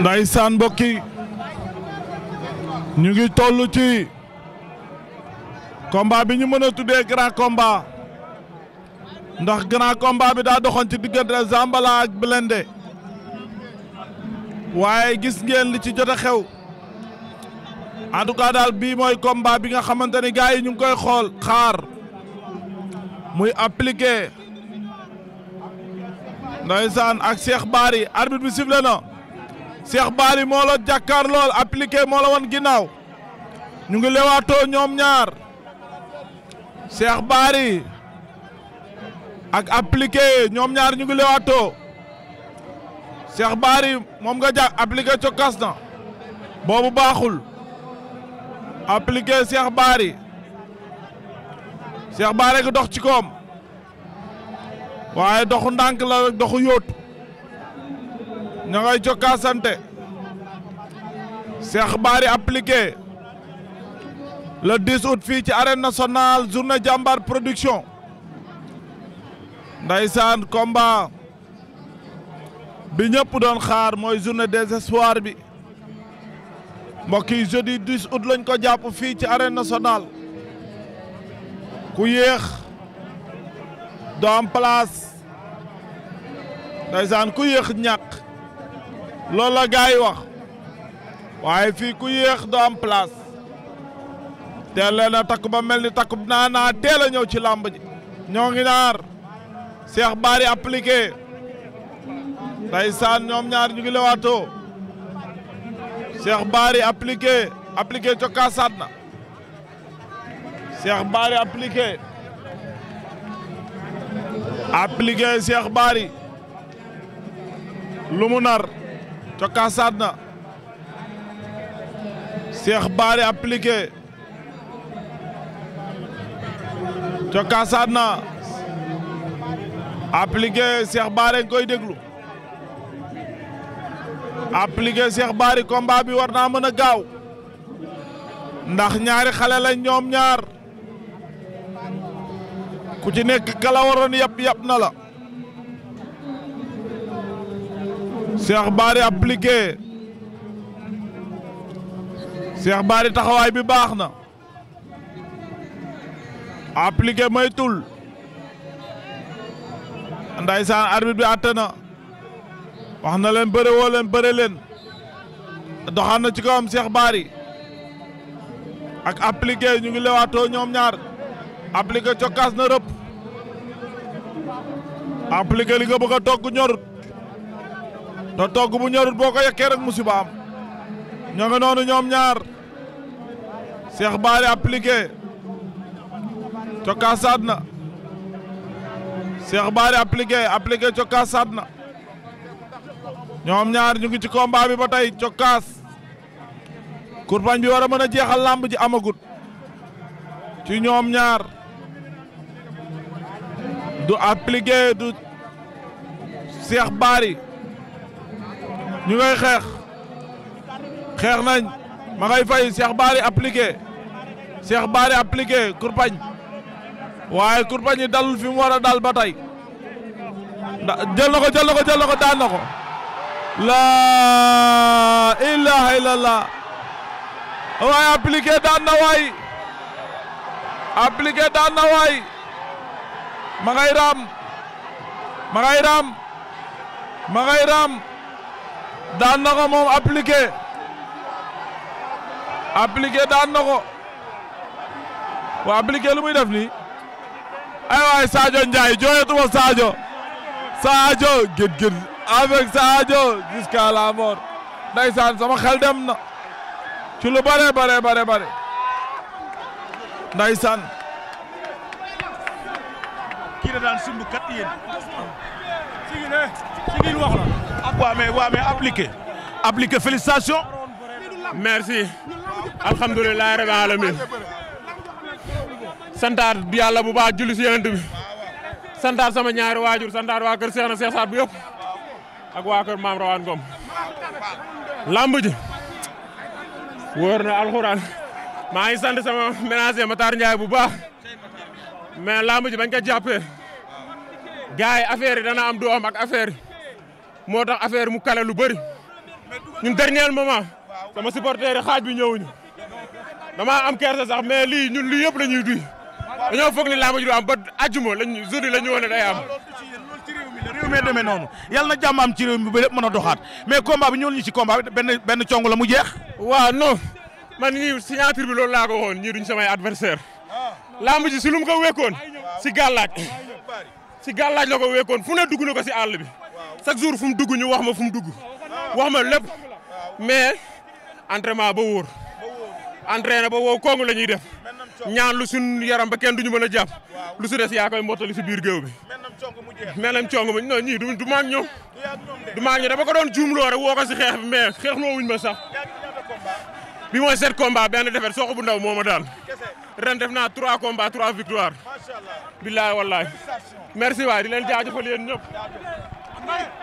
ndaysaan mbokk yi ñu ngi toll ci combat bi ñu mën a tuddee grand combat ndax grand combat bi daa doxoon ci diggante Zambala ak Blindé waaye gis ngeen li ci jot a xew en tout cas daal bii mooy combat bi nga xamante ni gars yi ñu ngi koy xool xaar muy appliqué ndaysaan ak Cheikh Bary arbitre bi sifflé na Cheikh Bally moo la jàkkaar lool appliqué moo la wan ginnaaw ñu ngi lewaatoo ñoom ñaar Cheikh baari ak appliqué ñoom ñaar ñu ngi lewaatoo Cheikh Bally moom nga jàpp appliqué cokkas na boobu baaxul appliqué Cheikh baari Cheikh Bally gi dox ci koom waaye doxu ndànk la rek doxu yóotu ña ngay jokkaasante Cheikh Bary appliqué le 10 août fii ci arène nationale journée jàmbaar production ndaysaan combat bi ñëpp doon xaar mooy journée des bi mbokk yi jeudi 10 août lañ ko jàpp fii ci arène nationale ku yéex doo am place ndaysaan ku yéex ñàkk loolu la gars yi wax waaye fii ku yéex doo am place teel leen a takk ba mel ni takk naa naa teel a ñëw ci làmb ji ñoo ngi naar Cheikh Bari appliqué ndeysaan ñoom ñaar ñu ngi lewaatoo Cheikh Bari appliqué appliqué cokkaasaat na Cheikh Bari appliqué appliqué Cheikh Bari lu cokkaasaat na Cheikh Bari appliqué cokkaasaat na appliqué Cheikh Bari nga koy déglu appliqué Cheikh Bari combat bi war naa mën a gaaw ndax ñaari xale lañ ñoom ñaar ku ci nekk kala waroon yab yab na la. Cheikh Bary appliqué Cheikh Bary taxawaay bi baax na appliqué maytul ndaysaan arbitre bi àtte na wax na leen bëre woo leen bëre leen doxaan na ci kawam Cheikh baari ak appliqué ñu ngi lewaatoo ñoom ñaar appliqué cokkaas na rëpp appliqué li nga bëgg a togg ñorut Toto togg bu ñorut boko yakke rek musiba am ñoo ngi noonu ñoom ñaar Cheikh bari appliqué cokkaasaat sadna, Cheikh bari appliqué appliqué cokkaasaat sadna ñom ñaar ñu ngi ci combat bi ba tay cokkaas kurban bi wara mëna jéxal lamb ji amagut ci ñom ñaar du appliqué du Cheikh bari ñu ngay xeex xeex nañ ma ngay fay Cheikh Bary appliqué Cheikh Bary appliqué kurpañ waaye kurpañ yi fi mu war dal ba tey jël na ko jël na ko jël daan na laa ilaha illallah waaye appliqué daan na waay appliqué daan na waay ma ngay raam ma ngay raam ma ngay raam daan na ko moom appliqué appliqué daan na ko waa appliqué lu muy def nii ay waay Sadio Ndiaye jooyatuma Sadio Sadio gët gët avec Sadio jusqu'à la mort ndeysaan sama xel dem na ci bare bare bare bare ndeysaan waaw mais waaw mais appliqué appliqué félicitations. merci alhamdulilah rabbil alamin santaat yàlla bu baax julli si yonent bi santaat sama ñaari waajur santaat waa kër Seexna Seex Saat bu yëpp ak waa Maam Rawaan Ngom lamb ji na alxuraan maa ngi sant sama ménager Matar Ndiaye bu baax mais lamb ji bañ ko jàppee gars yi affaire yi dana am du am ak affaire yi moo tax affaire mu kale lu bëri ñun dernier moment sama supporter yi xaaj bi ñëwuñu damaa am kersa sax mais lii ñun lii yëpp la ñuy duy dañoo foog ni laa ma ju am ba àjjuma lañ journée la ñu woon day am. réew mi demee noonu yàlla na jàmm am ci mi ba lépp mën a doxaat mais combat bi ñëwul ñu ci combat bi benn benn cong la mu jeex. waaw non man ñii signature bi loolu laa oon woon ñii duñ samay adversaire lamb ji si lu mu ko wékkoon si gàllaaj si gàllaaj la ko wékkoon fu ne dugg na ko si àll bi. chaque jour fu mu dugg ñu wax ma fu mu dugg wax ma lépp mais entraînement ba wóor entraîné ba wow kongu la ñuy def ñaan lu suñ yaram ba kenn duñu mën a jàpp lu si des yaa koy mottali si biir géew bi menam cong mu non ñii du du maag ñoom du maag ñoom dama ko doon juumloo rek woo si xeex bi mais xeex loo wuñ ma sax bi mooy sept combat benn defet soxo bu ndaw moo ma daan ren def naa trois combat trois victoire billaay wallaay merci waay di la leen jaajëfal yéen ñëpp 预备